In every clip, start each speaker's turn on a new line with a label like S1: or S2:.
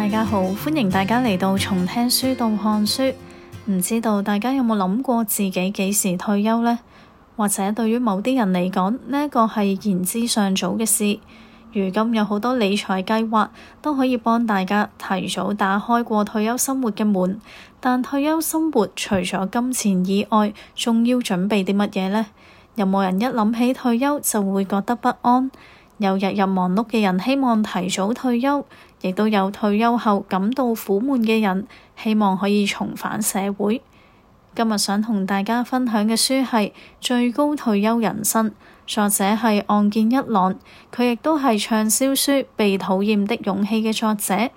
S1: 大家好，歡迎大家嚟到從聽書到看書。唔知道大家有冇諗過自己幾時退休呢？或者對於某啲人嚟講，呢一個係言之尚早嘅事。如今有好多理財計劃都可以幫大家提早打開過退休生活嘅門。但退休生活除咗金錢以外，仲要準備啲乜嘢呢？任何人一諗起退休就會覺得不安。有日日忙碌嘅人希望提早退休。亦都有退休後感到苦悶嘅人，希望可以重返社會。今日想同大家分享嘅書係《最高退休人生》，作者係《岸見一郎》，佢亦都係暢銷書《被討厭的勇氣》嘅作者。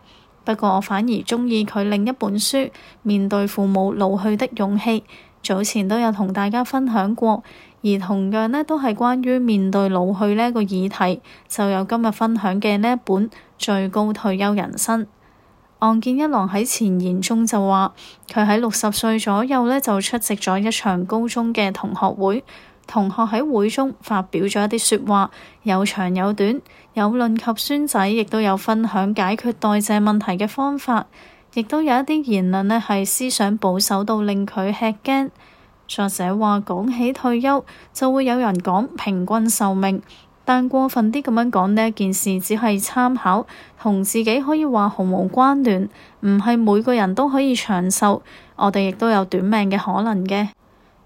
S1: 不過我反而鍾意佢另一本書《面對父母老去的勇氣》。早前都有同大家分享過，而同樣呢都係關於面對老去呢一個議題，就有今日分享嘅呢一本《最高退休人生》。岸見一郎喺前言中就話，佢喺六十歲左右呢就出席咗一場高中嘅同學會，同學喺會中發表咗一啲説話，有長有短，有論及孫仔，亦都有分享解決代謝問題嘅方法。亦都有一啲言論咧，係思想保守到令佢吃驚。作者話：講起退休，就會有人講平均壽命，但過分啲咁樣講呢件事，只係參考，同自己可以話毫無關聯。唔係每個人都可以長壽，我哋亦都有短命嘅可能嘅。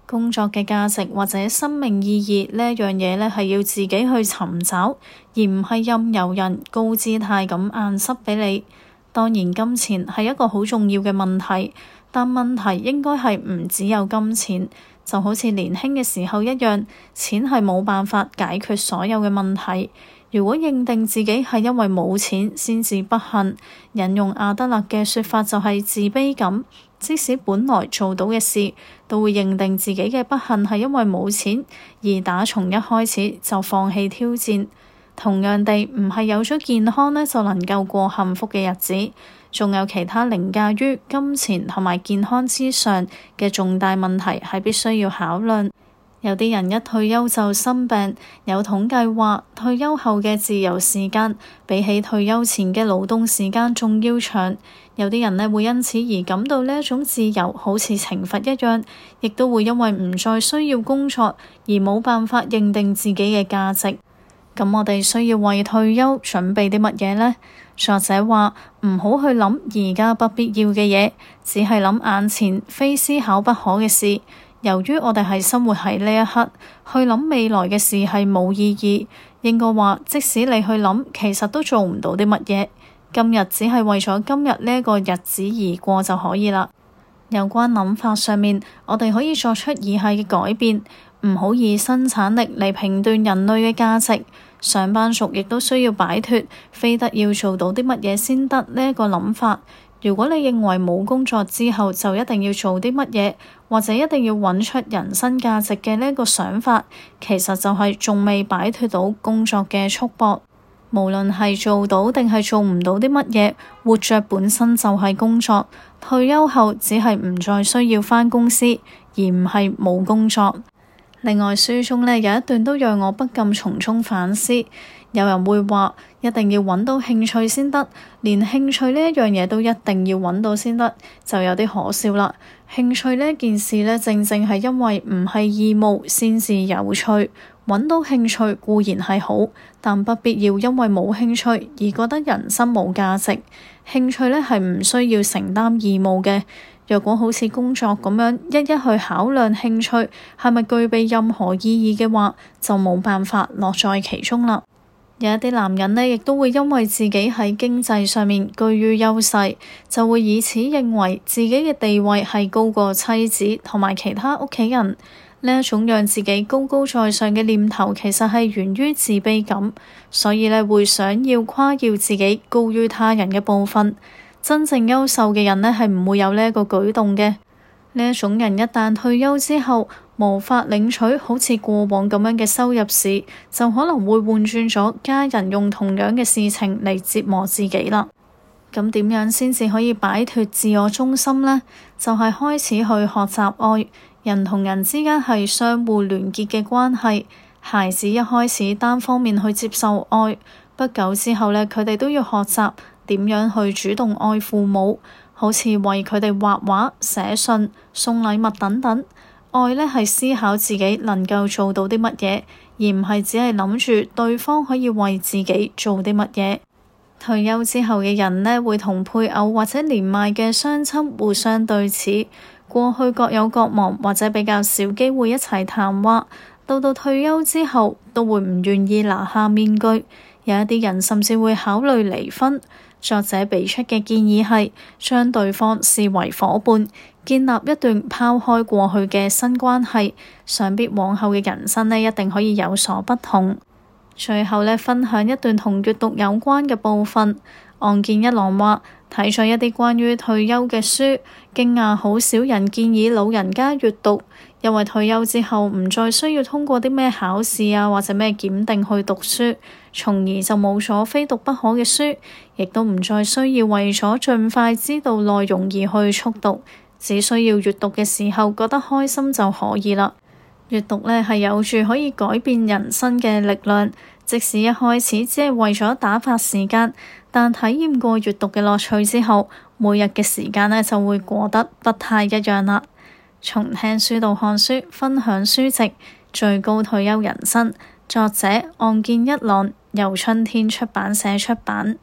S1: 工作嘅價值或者生命意義呢一樣嘢呢係要自己去尋找，而唔係任由人高姿態咁硬塞畀你。當然，金錢係一個好重要嘅問題，但問題應該係唔只有金錢。就好似年輕嘅時候一樣，錢係冇辦法解決所有嘅問題。如果認定自己係因為冇錢先至不幸，引用阿德勒嘅説法就係自卑感，即使本來做到嘅事，都會認定自己嘅不幸係因為冇錢，而打從一開始就放棄挑戰。同樣地，唔係有咗健康呢，就能夠過幸福嘅日子，仲有其他凌駕於金錢同埋健康之上嘅重大問題係必須要考慮。有啲人一退休就生病，有統計話退休後嘅自由時間比起退休前嘅勞動時間仲要長。有啲人呢會因此而感到呢一種自由好似懲罰一樣，亦都會因為唔再需要工作而冇辦法認定自己嘅價值。咁我哋需要為退休準備啲乜嘢呢？作者話唔好去諗而家不必要嘅嘢，只係諗眼前非思考不可嘅事。由於我哋係生活喺呢一刻，去諗未來嘅事係冇意義。應該話，即使你去諗，其實都做唔到啲乜嘢。今日只係為咗今日呢個日子而過就可以啦。有關諗法上面，我哋可以作出以下嘅改變：唔好以生產力嚟評斷人類嘅價值。上班族亦都需要擺脫，非得要做到啲乜嘢先得呢一個諗法。如果你認為冇工作之後就一定要做啲乜嘢，或者一定要揾出人生價值嘅呢一個想法，其實就係仲未擺脫到工作嘅束縛。無論係做到定係做唔到啲乜嘢，活着本身就係工作。退休後只係唔再需要返公司，而唔係冇工作。另外，書中呢有一段都讓我不禁從中反思。有人會話，一定要揾到興趣先得，連興趣呢一樣嘢都一定要揾到先得，就有啲可笑啦。興趣呢件事呢，正正係因為唔係義務，先至有趣。揾到興趣固然係好，但不必要因為冇興趣而覺得人生冇價值。興趣呢，係唔需要承擔義務嘅。若果好似工作咁樣，一一去考量興趣係咪具備任何意義嘅話，就冇辦法樂在其中啦。有一啲男人呢，亦都會因為自己喺經濟上面居於優勢，就會以此認為自己嘅地位係高過妻子同埋其他屋企人呢一種讓自己高高在上嘅念頭，其實係源於自卑感，所以呢會想要誇耀自己高於他人嘅部分。真正優秀嘅人呢，係唔會有呢一個舉動嘅。呢一種人一旦退休之後，無法領取好似過往咁樣嘅收入時，就可能會換轉咗家人用同樣嘅事情嚟折磨自己啦。嗯。咁點樣先至可以擺脱自我中心呢？就係開始去學習愛，人同人之間係相互聯結嘅關係。孩子一開始單方面去接受愛，不久之後呢，佢哋都要學習。點樣去主動愛父母？好似為佢哋畫畫、寫信、送禮物等等。愛咧係思考自己能夠做到啲乜嘢，而唔係只係諗住對方可以為自己做啲乜嘢。退休之後嘅人咧，會同配偶或者年邁嘅雙親互相對峙。過去各有各忙，或者比較少機會一齊談話，到到退休之後都會唔願意拿下面具。有一啲人甚至會考慮離婚。作者俾出嘅建議係將對方視為夥伴，建立一段拋開過去嘅新關係，想必往後嘅人生呢，一定可以有所不同。最後呢，分享一段同閱讀有關嘅部分。岸見一郎話睇咗一啲關於退休嘅書，驚訝好少人建議老人家閱讀。因為退休之後唔再需要通過啲咩考試啊，或者咩檢定去讀書，從而就冇咗非讀不可嘅書，亦都唔再需要為咗盡快知道內容而去速讀，只需要閲讀嘅時候覺得開心就可以啦。閲讀咧係有住可以改變人生嘅力量，即使一開始只係為咗打發時間，但體驗過閲讀嘅樂趣之後，每日嘅時間咧就會過得不太一樣啦。從聽書到看書，分享書籍，最高退休人生。作者：岸見一郎，由春天出版社出版。